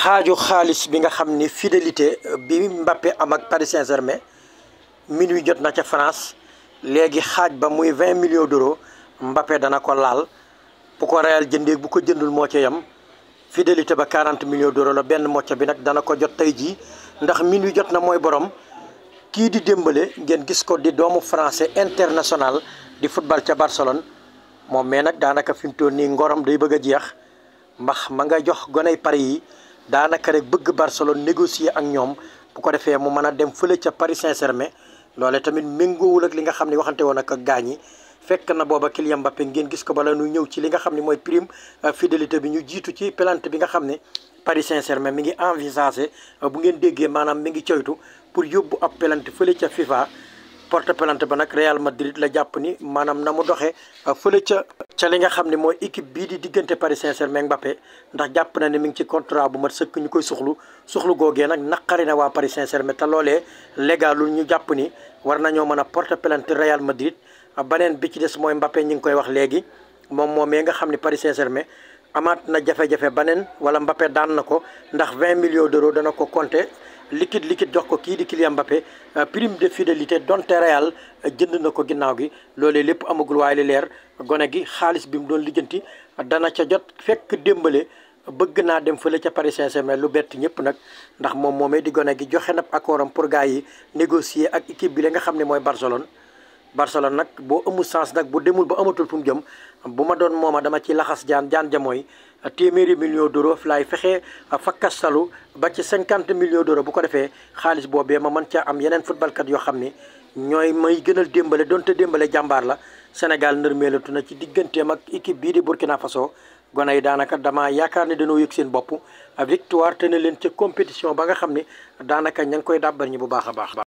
xaaju xaalis bi nga xam ni fidélité euh, bi mbappe am ak Paris Saint-Germain minuit jot na ca France léegi xaaj ba muy 20 millions d'euros Mbappé dana ko laal bu ko reyal jëndee bu ko jëndul moo ca yam fidélité ba 40 millions d'euros la benn mocca bi nag dana ko jot tey jii ndax wi jot na mooy borom kii di démbale ngeen gis ko di doomu français international di football ca Barcelone moom mais nag daanaka fi mu toll nii ngorom day bëgg a jeex mbax ma nga jox goney Paris yi daanaka rek bëgg Barcelone négocier ak ñoom bu ko defee mu mën a dem fële ca Paris Saint-Germain loole tamit méngoowul ak li nga xam ne waxante woon ak gaañi fekk na booba Kylian Mbappé ngeen gis ko bala nu ñëw ci li nga xam ne mooy prime euh, fidélité bi ñu jiitu ci plante bi nga xam ne Paris Saint-Germain mi ngi envisagé euh, bu ngeen déggee maanaam mi ngi coytu pour yóbbu ab pelante fële ca FIFA porte pelante ba nag Real Madrid la jàpp ni maanaam na mu doxee euh, fële ca ca li nga xam ne mooy équipe bii di diggante Paris Saint-Germain Mbappé ndax jàpp na ne mi ngi ci contrat bu ma sëkk ñu koy suxlu suxlu googee nag naqari na waa Paris Saint-Germain te loolee légalul ñu jàpp ni war nañoo mën a porter plainte Real Madrid beneen bi ci des mooy Mbappé ñi ngi koy wax léegi moom moomee nga xam ni Paris Saint-Germain amaat na jafe-jafe beneen wala Mbappé daan na ko ndax 20 millions d'euros dana ko compter liquide liquide jox ko kii di Kylian Mbappé prime de fidélité donte Real jënd na ko ginnaaw gi loolee lépp amagul waaye li leer gone gi xaalis bi mu doon lijjanti dana ca jot fekk démbale bëgg naa dem fële ca Paris Saint-Germain lu bett ñëpp nag ndax moom moomee di gone gi joxe na accord pour gars yi négocier ak équipe bi la nga xam ne mooy Barcelone. Barcelone nag boo amul sens nag bu demul ba amatul fu mu jëm bu ma doon mooma dama ci laxas jaan jaan ja mooy téeméeri million d'euro laay fexe fakkastalu ba ci cinquante million d'euro bu ko defee xaalis boobee ma mën caa am yeneen footballkat yoo xam ni ñooy may gënal démbale donte démbale jàmbaar la. Sénégal nërmeelatu na ci digganteem ak équipe bi di Burkina Faso gone yi daanaka dama yaakaar ne dañoo yëg seen bopp victoire te ne leen ca compétition ba nga xam ne daanaka ña ngi koy dàbbar ñi bu baax a baax.